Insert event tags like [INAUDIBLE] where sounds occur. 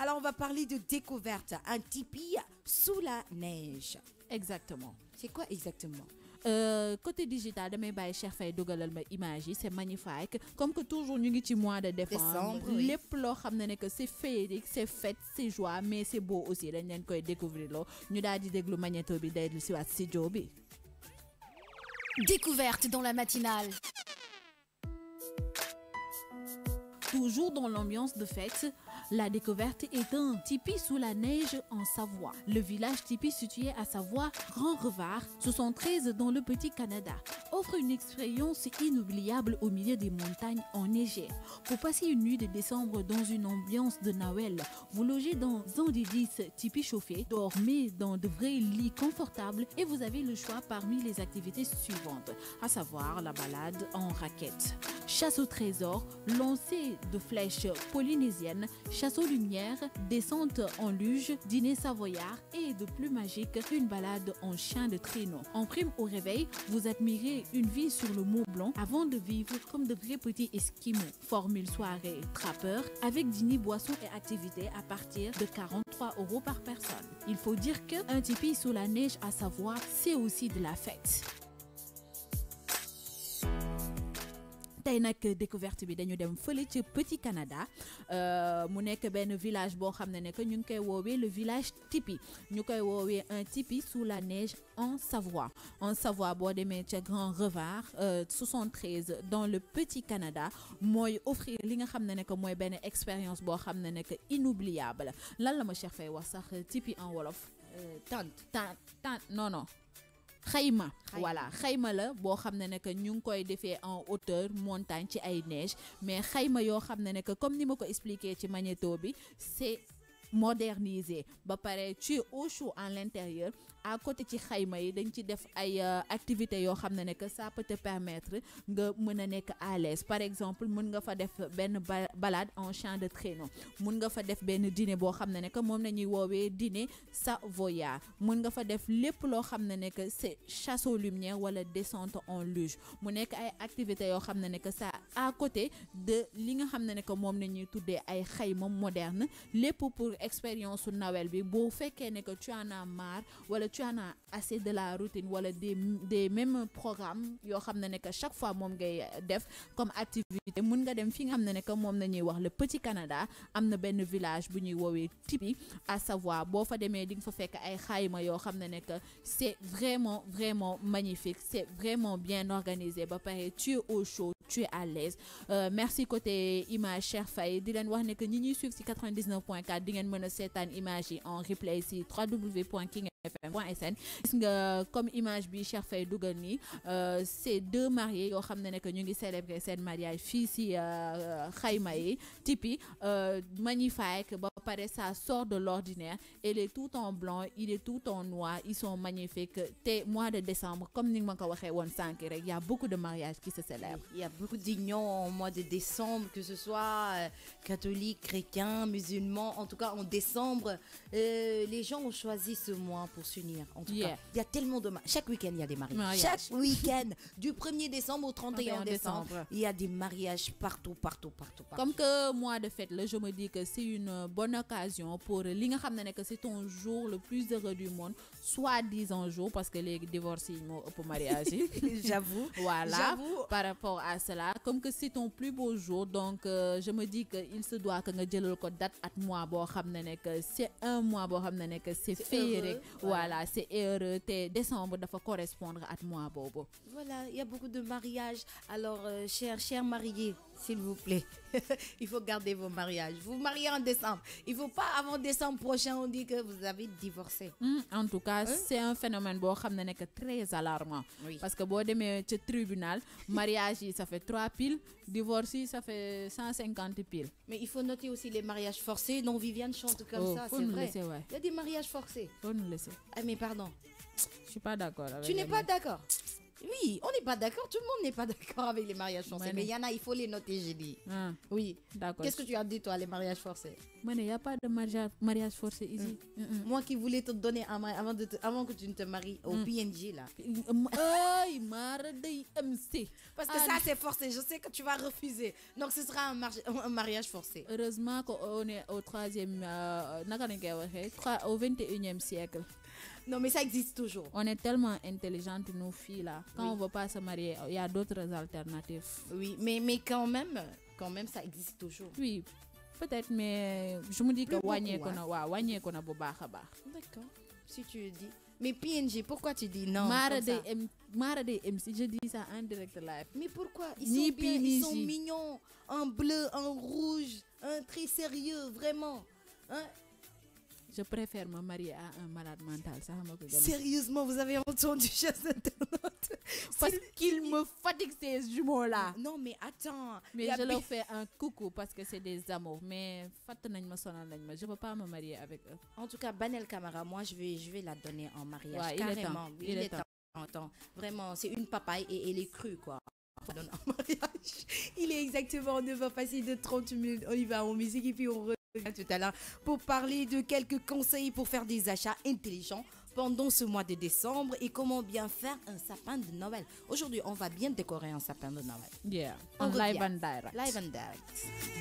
Alors, on va parler de découverte. Un tipi sous la neige. Exactement. C'est quoi exactement euh, côté digital damay bàyyi Cheikh ma image magnifique comme que toujours nous ngi ci mois de décembre Les loo c'est que c'est féerique fête c'est joie mais c'est beau aussi Nous leen koy découvrir loo ñu des di magnéto bi day découverte dans la matinale toujours dans l'ambiance de fête la découverte est un tipi sous la neige en Savoie. Le village tipi situé à Savoie, Grand Revard, 73 dans le Petit Canada, offre une expérience inoubliable au milieu des montagnes enneigées. Pour passer une nuit de décembre dans une ambiance de Noël, vous logez dans un des 10 tipis chauffés, dormez dans de vrais lits confortables et vous avez le choix parmi les activités suivantes, à savoir la balade en raquette, chasse au trésor, lancer de flèches polynésiennes, chasse aux lumières, descente en luge, dîner savoyard et de plus magique, une balade en chien de traîneau. En prime au réveil, vous admirez une vie sur le Mont Blanc avant de vivre comme de vrais petits esquimaux. Formule soirée trappeur avec dîner, boissons et activités à partir de 43 euros par personne. Il faut dire qu'un tipi sous la neige à savoir, c'est aussi de la fête. tey nak découverte bi dañu dem feulé ci Petit Canada euh, mu nek ben village bo xamné nek ñu koy wowe le village tipi ñu koy wowe un tipi sous la neige en Savoie en Savoie bo démé ci Grand Revard 73 euh, dans le Petit Canada moy offrir li nga xamné nek moy ben expérience bo xamné nek inoubliable lan la ma Cheikh Faye wax sax tipi en wolof. tante euh, tante tante non non xayma voilà xayma la boo xam ne que ñu ngi koy defee en hauteur montagne ci ay neige mais xayma yoo xam ne ne que comme ni ma ko expliqué ci magnéto bi c'est modernisé ba pare tu es au chaud en l'intérieur à côté ci xayma yi dañ ci def ay euh, activités yoo xam ne ne que ça peut te permettre nga mën a nekk à l'aise par exemple mën nga fa def benn balade en champ de traîneau mën nga fa def benn dîner boo xam ne ne que moom la ñuy woowee dîner savoyard mën nga fa def lépp loo xam ne ne que c'est chasse aux lumières wala descente en luge mu nekk ay activités yoo xam ne ne que ça à côté de li nga xam ne ne que moom la ñuy tuddee ay xayma moderne lépp pour expérience su Noël bi boo fekkee ne que tu en as marre wala tu en as assez de la routine wala des des mêmes programmes yo xam nek chaque fois mom ngay def comme activité mun nga dem fi nga xam ne ne que wax le Petit Canada amna ben village bu ñuy woowee Tipi à savoir boo fa demee di fa fekk ay xayma yo xam nek c'est que vraiment vraiment magnifique c'est vraiment bien organisé ba pare tu es au chaud tu es à l'aise euh, merci côté image Cheikh Faye di leen wax nek que ñi ñuy suivre ci 99.4 point di ngeen mën sétane image en replay ci www comme image bi fait dougani euh, ces deux mariés yoo xam ne que ñu ngi célébrer seen mariage fii si euh, yi tipi euh, magnifique ba pare ça sort de l'ordinaire il est tout en blanc il est tout en noir ils sont magnifiques te mois de décembre comme ni ma ko waxee woon y a beaucoup de mariages qui se célèbrent il y a beaucoup d'ignons au mois de décembre que ce soit catholique chrétien musulman en tout cas en décembre les gens ont choisi ce mois s'unir. En tout cas, il y a tellement de mariages. Chaque week-end, il y a des mariages. Chaque week-end, du 1er décembre au 31 décembre, il y a des mariages partout, partout, partout. Comme que moi, de fait, là, je me dis que c'est une bonne occasion pour l'Ingham que c'est ton jour le plus heureux du monde, soit disant jour, parce que les divorcés pour mariage. [LAUGHS] J'avoue. [LAUGHS] voilà. Par rapport à cela, comme que c'est ton plus beau jour, donc euh, je me dis qu'il se doit que nous date à moi, c'est un mois, que c'est féerique voilà c'est heureux Décembre, décembre faut correspondre à moi, Bobo. voilà il y a beaucoup de mariages alors euh, chers chers mariés s'il vous plaît [LAUGHS] il faut garder vos mariages vous mariez en décembre il faut pas avant décembre prochain on dit que vous avez divorcé. Hmm, en tout cas hein? c'est un phénomène bo comme n'est que très alarmant. parce que bon, demain c'est tribunal [LAUGHS] mariage ça fait trois piles divorce ça fait 150 piles. mais il faut noter aussi les mariages forcés dont Viviane chante comme oh, ça. c'est vrai il y a des mariages forcés. faut nous laisser ah mais pardon. Je suis pas d'accord. Tu n'es pas d'accord oui, on n'est pas d'accord. Tout le monde n'est pas [LAUGHS] d'accord avec les mariages forcés. Mais il y en a, il faut les noter, j'ai dit. Ah. oui. D'accord. Qu'est-ce que tu as dit, toi, les mariages forcés Moi, il n'y a pas de mariage, forcé ici. Mm. Mm, mm. Moi qui voulais te donner un avant, de avant que tu ne te maries au PNJ, là. Parce que ça, c'est forcé. Je sais que tu vas refuser. Donc, ce sera un, [LAUGHS] un mariage forcé. Heureusement qu'on est au troisième, euh, au 21e siècle. [LAUGHS] Non, mais ça existe toujours. On est tellement intelligentes, nos filles, là. Quand on ne veut pas se marier, il y a d'autres alternatives. Oui, mais, mais quand, même, quand même, ça existe toujours. Oui, peut-être, mais je me dis que D'accord, si tu le dis. Mais PNG, pourquoi tu dis non Mara MC, je dis ça en direct live. Mais pourquoi Ils sont ils sont mignons, en bleu, en rouge, un très sérieux, vraiment. Hein je préfère me marier à un malade mental. Sérieusement, vous avez entendu, chers internautes Parce qu'il me fatigue ces jumeaux-là. Non, mais attends. Mais je leur fais un coucou parce que c'est des amours. Mais je ne veux pas me marier avec eux. En tout cas, Banel Camara, moi, je vais, je vais la donner en mariage. carrément. Il est temps. Vraiment, c'est une papaye et elle est crue, quoi. en [LAUGHS] mariage. Il est exactement 9h de 30 minutes. On y va en musique et puis on tout à l'heure pour parler de quelques conseils pour faire des achats intelligents pendant ce mois de décembre et comment bien faire un sapin de Noël. Aujourd'hui, on va bien décorer un sapin de Noël. Yeah, on live and direct. Live and direct.